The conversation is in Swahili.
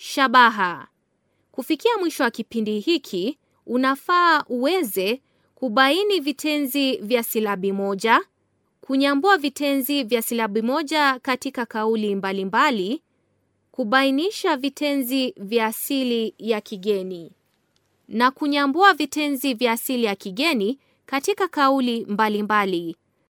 Shabaha: kufikia mwisho wa kipindi hiki, unafaa uweze kubaini vitenzi vya silabi moja, kunyambua vitenzi vya silabi moja katika kauli mbalimbali mbali, kubainisha vitenzi vya asili ya kigeni na kunyambua vitenzi vya asili ya kigeni katika kauli mbalimbali mbali.